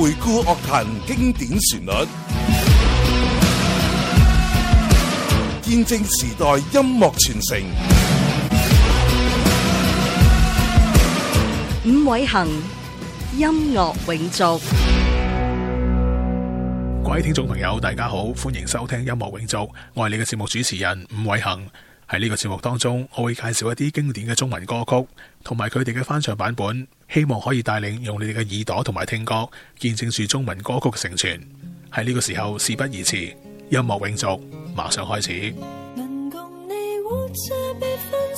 回顧樂壇經典旋律，見證時代音樂傳承。伍偉恒，音樂永續。各位聽眾朋友，大家好，歡迎收聽《音樂永續》，我係你嘅節目主持人伍偉恒。喺呢個節目當中，我會介紹一啲經典嘅中文歌曲，同埋佢哋嘅翻唱版本，希望可以帶領用你哋嘅耳朵同埋聽覺，見證住中文歌曲嘅承傳。喺呢個時候，事不宜遲，音樂永續，馬上開始。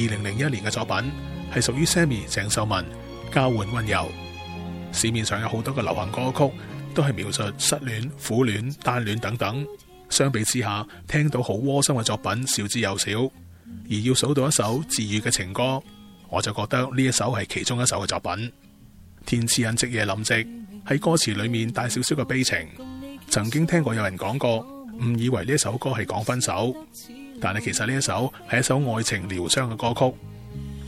二零零一年嘅作品係屬於 Sammi 鄭秀文交換溫柔，市面上有好多嘅流行歌曲都係描述失戀、苦戀、單戀等等。相比之下，聽到好窩心嘅作品少之又少。而要數到一首治癒嘅情歌，我就覺得呢一首係其中一首嘅作品。填詞人即係林夕喺歌詞裏面帶少少嘅悲情。曾經聽過有人講過，誤以為呢一首歌係講分手。但係其實呢一首係一首愛情療傷嘅歌曲，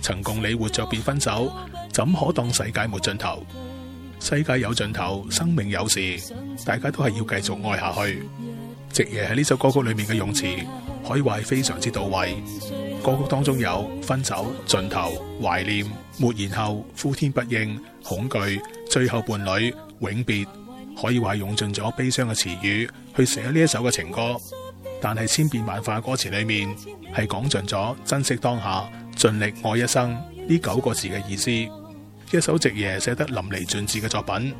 曾共你活着變分手，怎可當世界沒盡頭？世界有盡頭，生命有時，大家都係要繼續愛下去。夕爺喺呢首歌曲裏面嘅用詞，可以話係非常之到位。歌曲當中有分手、盡頭、懷念、沒然後、呼天不應、恐懼、最後伴侶、永別，可以話係用盡咗悲傷嘅詞語去寫呢一首嘅情歌。但係千變萬化嘅歌詞裏面，係講盡咗珍惜當下、盡力愛一生呢九個字嘅意思。一首夕爺寫得淋漓盡致嘅作品，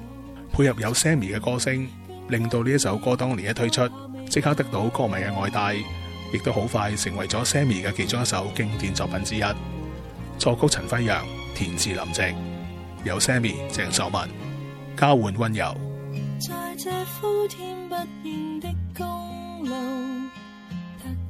配合有 Sammy 嘅歌聲，令到呢一首歌當年一推出，即刻得到歌迷嘅愛戴，亦都好快成為咗 Sammy 嘅其中一首經典作品之一。作曲陳輝陽，填詞林夕，由 Sammy 鄭秀文交換温柔。在這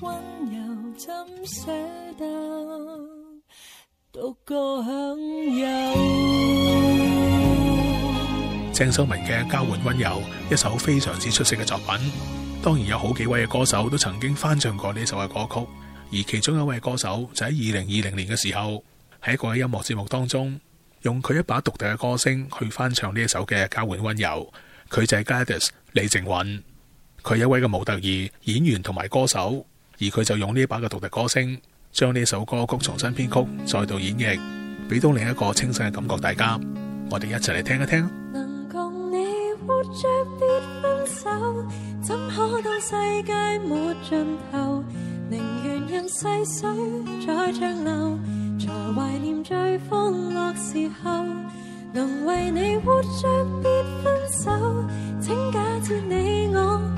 溫柔，怎捨得獨個享有，鄭秀文嘅交換溫柔，一首非常之出色嘅作品。當然有好幾位嘅歌手都曾經翻唱過呢首嘅歌曲，而其中一位歌手就喺二零二零年嘅時候，喺一個音樂節目當中，用佢一把獨特嘅歌聲去翻唱呢一首嘅交換溫柔。佢就係 Gladys 李靖筠。佢一位嘅模特兒、演員同埋歌手，而佢就用呢把嘅獨特歌聲，將呢首歌曲重新編曲，再度演繹，俾到另一個清新嘅感覺。大家，我哋一齊嚟聽一聽。能共你活着別分手，怎可當世界沒盡頭？寧願任細水再長流，才懷念最歡樂時候。能為你活着別分手，請假設你我。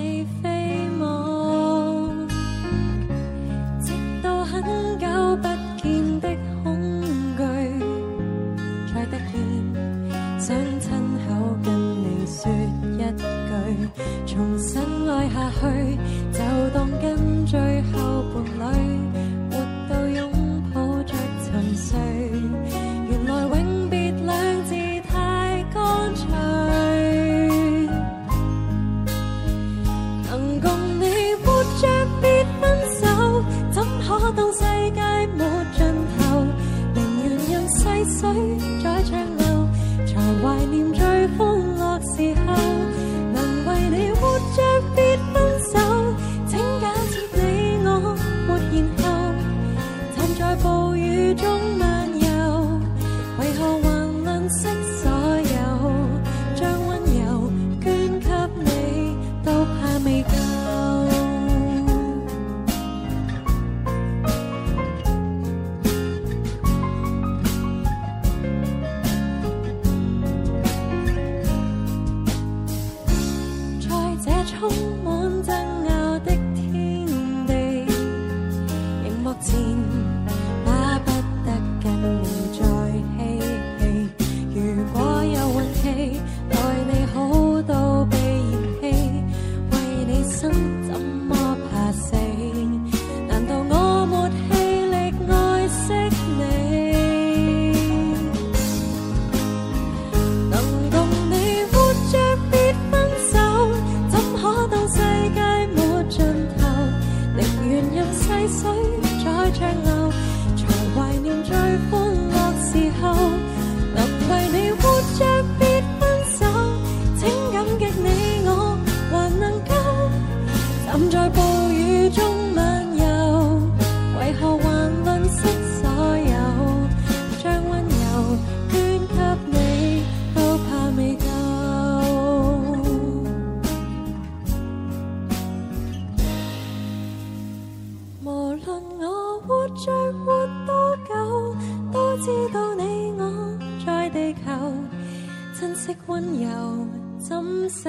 温柔，怎捨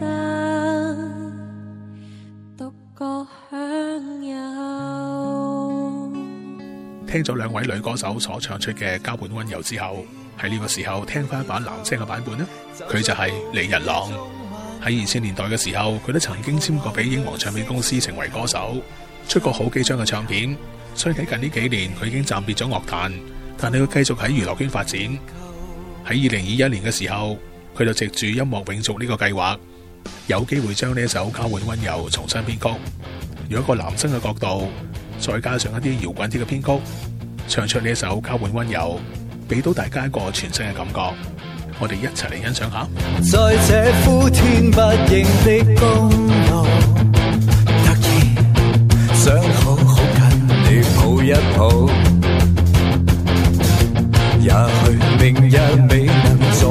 得獨個享有？聽咗兩位女歌手所唱出嘅交換溫柔之後，喺呢個時候聽翻一版男聲嘅版本呢，佢就係李逸朗。喺二千年代嘅時候，佢都曾經簽過俾英皇唱片公司成為歌手，出過好幾張嘅唱片。雖然喺近呢幾年佢已經暫別咗樂壇，但係佢繼續喺娛樂圈發展。喺二零二一年嘅時候，佢就藉住音樂永續呢個計劃，有機會將呢一首交換溫柔重新編曲，用一個男生嘅角度，再加上一啲搖滾啲嘅編曲，唱出呢一首交換溫柔，俾到大家一個全新嘅感覺。我哋一齊嚟欣賞下。在這呼天不應的公路，突然想好好跟你抱一抱。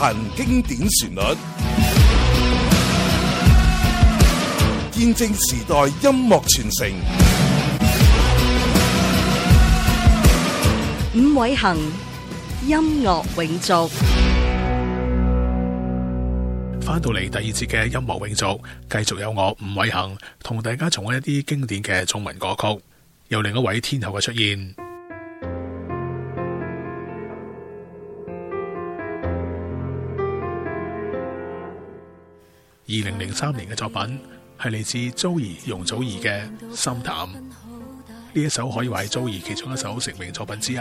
行經典旋律，見證時代音樂傳承。伍偉恆音樂永續。翻到嚟第二節嘅音樂永續，繼續有我伍偉恒同大家重溫一啲經典嘅中文歌曲，有另一位天后嘅出現。二零零三年嘅作品係嚟自周儀，容祖兒嘅《心淡》，呢一首可以話係周儀其中一首成名作品之一。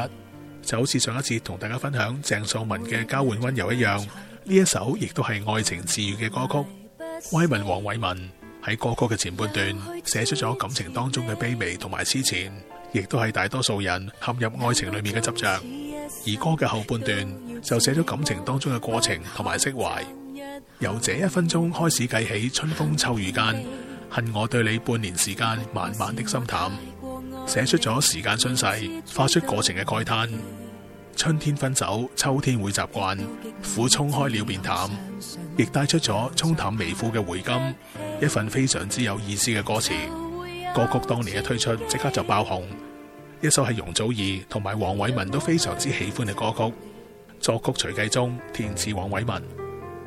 就好似上一次同大家分享鄭秀文嘅《交換溫柔》一樣，呢一首亦都係愛情治癒嘅歌曲。威文，黃偉文喺歌曲嘅前半段寫出咗感情當中嘅卑微同埋痴纏，亦都係大多數人陷入愛情裏面嘅執着。而歌嘅後半段就寫咗感情當中嘅過程同埋釋懷。由這一分鐘開始計起，春風秋雨間，恨我對你半年時間，慢慢的心淡，寫出咗時間訊息，畫出過程嘅慨嘆。春天分手，秋天會習慣，苦沖開了變淡，亦帶出咗沖淡微苦嘅回甘。一份非常之有意思嘅歌詞，歌曲當年一推出即刻就爆紅，一首係容祖兒同埋黃偉文都非常之喜歡嘅歌曲，作曲徐繼宗，填詞黃偉文。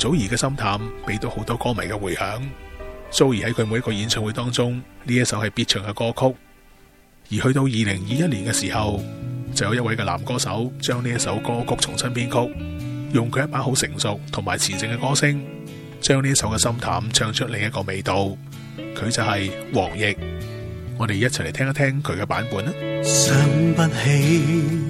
祖兒嘅心淡俾到好多歌迷嘅回響，祖兒喺佢每一個演唱會當中，呢一首係必唱嘅歌曲。而去到二零二一年嘅時候，就有一位嘅男歌手將呢一首歌曲重新編曲，用佢一把好成熟同埋磁性嘅歌聲，將呢一首嘅心淡唱出另一個味道。佢就係王奕，我哋一齊嚟聽一聽佢嘅版本啊！想不起。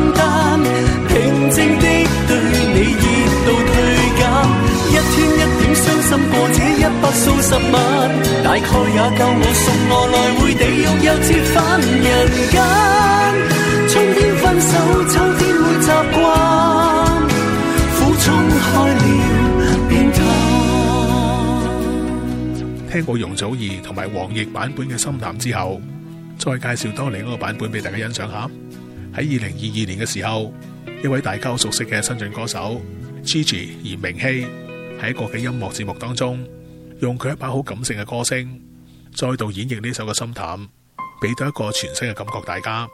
深過這一百數十萬大概也夠我送我來回地獄又折返人間，春天分手秋天會習慣苦衷開了變態。聽過容祖兒同埋王奕版本嘅心淡之後，再介紹多另一個版本俾大家欣賞下。喺二零二二年嘅時候，一位大家熟悉嘅新晉歌手 Gigi 炎明熹喺一個嘅音樂節目當中，用佢一把好感性嘅歌聲，再度演繹呢首嘅《心淡》，俾到一個全新嘅感覺。大家，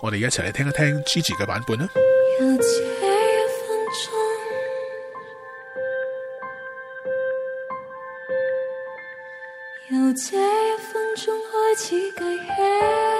我哋一齊嚟聽一聽 Gigi 嘅版本啦。由這一分鐘，由這一分鐘開始計起。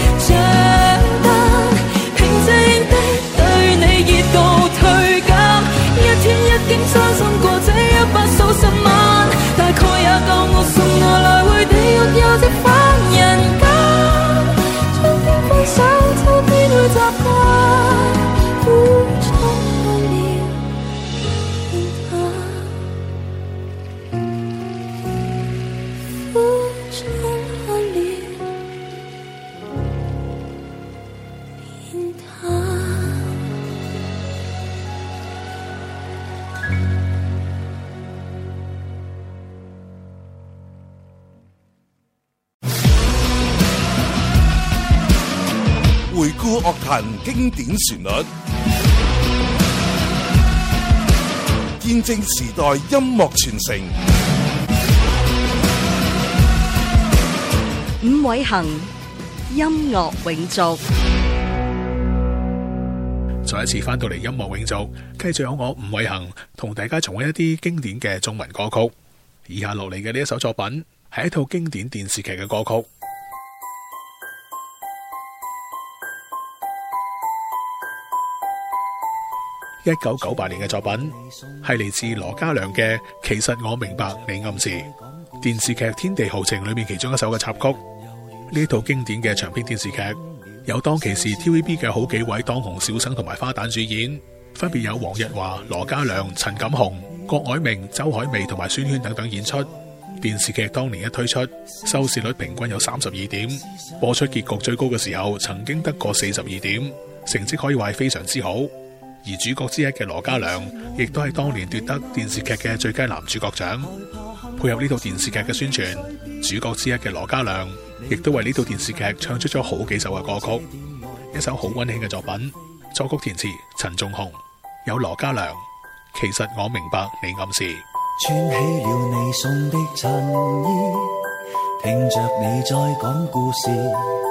古樂壇經典旋律，見證時代音樂傳承。伍偉恆音樂永續，再一次翻到嚟音樂永續，繼續有我伍偉恆同大家重温一啲經典嘅中文歌曲。以下落嚟嘅呢一首作品係一套經典電視劇嘅歌曲。一九九八年嘅作品係嚟自羅嘉良嘅《其實我明白你暗示》，電視劇《天地豪情》裏面其中一首嘅插曲。呢套經典嘅長篇電視劇，有當其時 TVB 嘅好幾位當紅小生同埋花旦主演，分別有黃日華、羅嘉良、陳錦鴻、郭藹明、周海媚同埋孫軒等等演出。電視劇當年一推出，收視率平均有三十二點，播出結局最高嘅時候曾經得過四十二點，成績可以話係非常之好。而主角之一嘅羅嘉良，亦都係當年奪得電視劇嘅最佳男主角獎。配合呢套電視劇嘅宣傳，主角之一嘅羅嘉良，亦都為呢套電視劇唱出咗好幾首嘅歌曲，一首好溫馨嘅作品，作曲填詞陳仲紅，有羅嘉良。其實我明白你暗示。穿起了你送的襯衣，聽着你在講故事。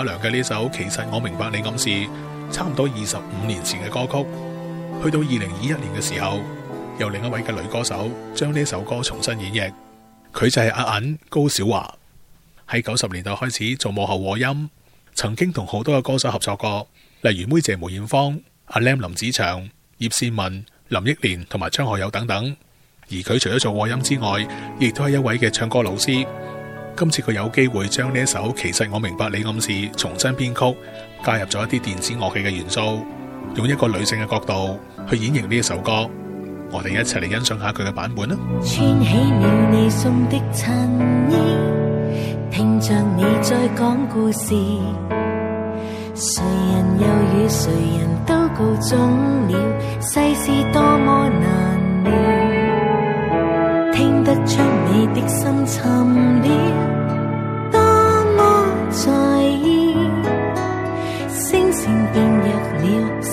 阿良嘅呢首《其實我明白你暗示》，差唔多二十五年前嘅歌曲，去到二零二一年嘅時候，由另一位嘅女歌手將呢首歌重新演繹。佢就係阿銀高小華，喺九十年代開始做幕後和音，曾經同好多嘅歌手合作過，例如妹姐梅艷芳、阿 Lam 林子祥、葉倩文、林憶蓮同埋張學友等等。而佢除咗做和音之外，亦都係一位嘅唱歌老師。今次佢有機會將呢一首《其實我明白你暗示》重新編曲，加入咗一啲電子樂器嘅元素，用一個女性嘅角度去演繹呢一首歌，我哋一齊嚟欣賞下佢嘅版本啦。穿起了你，你送的襯衣，聽着你在講故事，誰人又與誰人都告終了，世事多麼難料，聽得出你的心淡了